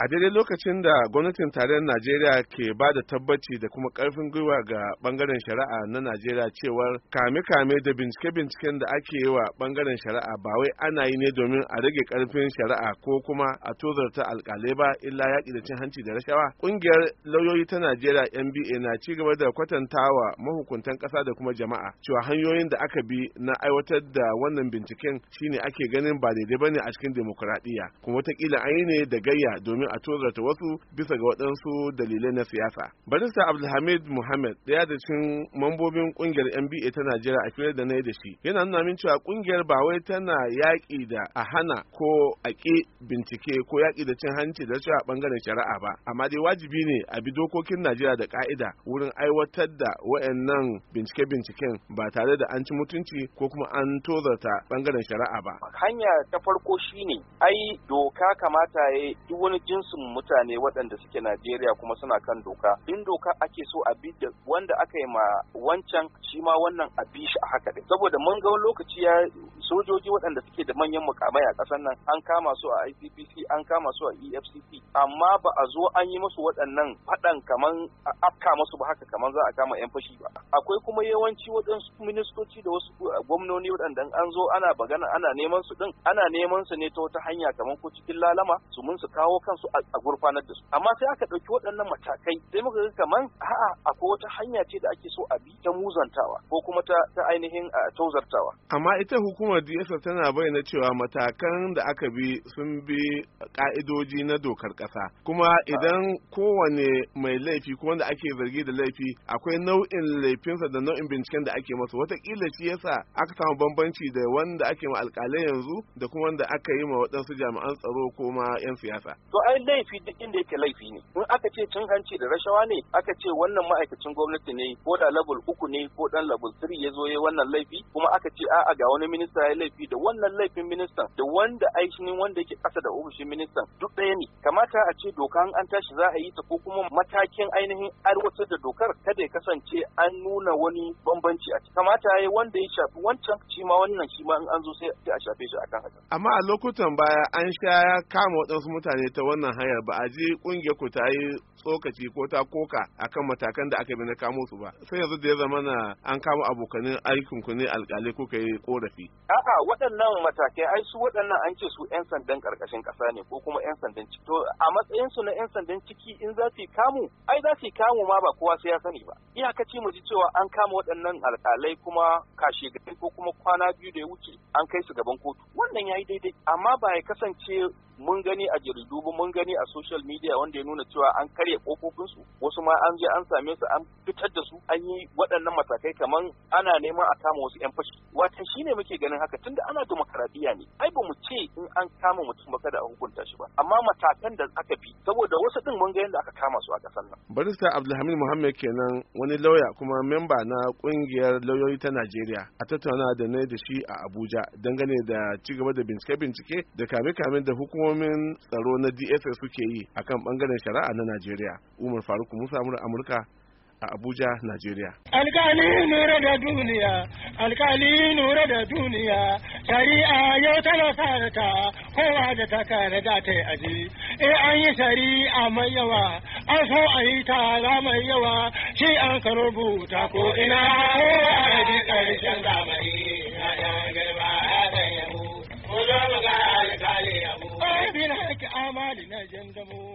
a daidai lokacin da gwamnatin tarayyar najeriya ke ba da tabbaci da kuma karfin gwiwa ga bangaren shari'a na najeriya cewar kame-kame da bincike-binciken da ake yi wa bangaren shari'a ba wai ana yi ne domin a rage karfin shari'a ko kuma a tozarta alkalai ba illa yaƙi da cin hanci da rashawa ƙungiyar lauyoyi ta najeriya nba na ci gaba da kwatantawa mahukuntan ƙasa da kuma jama'a cewa hanyoyin da aka bi na aiwatar da wannan binciken shine ake ganin ba daidai ne a cikin demokuraɗiyya kuma wataƙila an yi ne da gayya domin a tozarta wasu bisa ga waɗansu dalilai na siyasa. Barista Abdulhamid Muhammad ɗaya da cin mambobin ƙungiyar NBA ta Najeriya a fiye da na da shi yana nuna min cewa ƙungiyar ba wai tana yaƙi da a hana ko a ƙi bincike ko yaƙi da cin hanci da cewa ɓangaren shari'a ba amma dai wajibi ne a bi dokokin Najeriya da ƙa'ida wurin aiwatar da waɗannan bincike-binciken ba tare da an ci mutunci ko kuma an tozarta ɓangaren shari'a ba. Hanya ta farko shine ai doka kamata ya duk wani jin jinsin mutane waɗanda suke Najeriya kuma suna kan doka in doka ake so a bi da wanda aka yi ma wancan shi ma wannan a bi shi a haka ɗin saboda mun ga lokaci ya sojoji waɗanda suke da manyan mukamai a ƙasar nan an kama su a ICPC an kama su a EFCC amma ba a zo an yi musu waɗannan faɗan kaman a afka musu ba haka kaman za a kama 'yan fashi ba akwai kuma yawanci waɗansu ministoci da wasu uh, gwamnoni waɗanda an zo ana bagana ana neman su ɗin ana neman su ne ta wata hanya kaman ko cikin lalama su mun su kawo kansu a gurfanar da su amma sai aka ɗauki waɗannan matakai sai muka ga kaman a'a akwai wata hanya ce da ake so a bi ta muzantawa ko kuma ta ainihin uh, tauzartawa amma ita hukuma kuma dss tana bayyana cewa matakan da aka bi sun bi ka'idoji na dokar kasa kuma idan kowane mai laifi ko wanda ake zargi da laifi akwai nau'in laifinsa da nau'in binciken da ake masa watakila shi yasa aka samu bambanci da wanda ake ma alkalai yanzu da kuma wanda aka yi ma waɗansu jami'an tsaro ko ma 'yan siyasa. to ai laifi duk inda yake laifi ne in aka ce cin hanci da rashawa ne aka ce wannan ma'aikacin gwamnati ne ko da labul uku ne ko dan labul 3 ya zo wannan laifi kuma aka ce a'a ga wani minista minista ya laifi da wannan laifin ministan da wanda aishinin wanda yake kasa da ofishin ministan duk ɗaya ne kamata a ce doka an tashi za a yi ta ko kuma matakin ainihin aiwatar da dokar kada ya kasance an nuna wani bambanci a ciki kamata ya wanda ya shafi wancan shi ma wannan shi ma in an zo sai a shafe shi akan haka amma a lokutan baya an sha kama waɗansu mutane ta wannan hanyar ba a je ƙungiyar ku ta yi tsokaci ko ta koka akan matakan da aka bi na kamo su ba sai yanzu da ya zama na an kama abokanin aikin ku ne alƙalai kuka yi korafi A'a waɗannan matakai ai su waɗannan an ce su 'yan sandan ƙarƙashin ƙasa ne ko kuma 'yan sandan ciki. To a matsayinsu na 'yan sandan ciki in za su kamu ai za su kamu ma ba kowa sai ya sani ba. Iyakaci mu ji cewa an kama waɗannan alƙalai kuma kashe gari ko kuma kwana biyu da ya wuce an kai su gaban kotu. Wannan ya yi daidai amma ba ya kasance mun gani a jaridu mun gani a social media wanda ya nuna cewa an karya kofofinsu wasu ma an je an same su an fitar da su an yi waɗannan matakai kamar ana neman a kama wasu yan fashi watan shine muke ganin haka tunda ana demokaradiyya ne ai ba mu ce in an kama mutum ba kada a hukunta shi ba amma matakan da aka bi saboda wasu din mun ga yadda aka kama su a kasar nan barista abdulhamid muhammad kenan wani lauya kuma memba na kungiyar lauyoyi ta najeriya a tattauna da na da shi a abuja dangane da cigaba da bincike-bincike da kame-kame da hukumar hukumomin tsaro na dss suke yi a kan bangaren shari'a na najeriya umar faruk musa amurka a Abuja, Najeriya. Alkali nura da duniya, alkali nura da duniya, shari'a yau tana fara ta kowa da ta kare da ta yi aji. Eh an yi shari'a mai yawa, an so a yi tara mai yawa, shi an ka rubuta ko ina ko a yi na zamani, ya girma ya na jandamo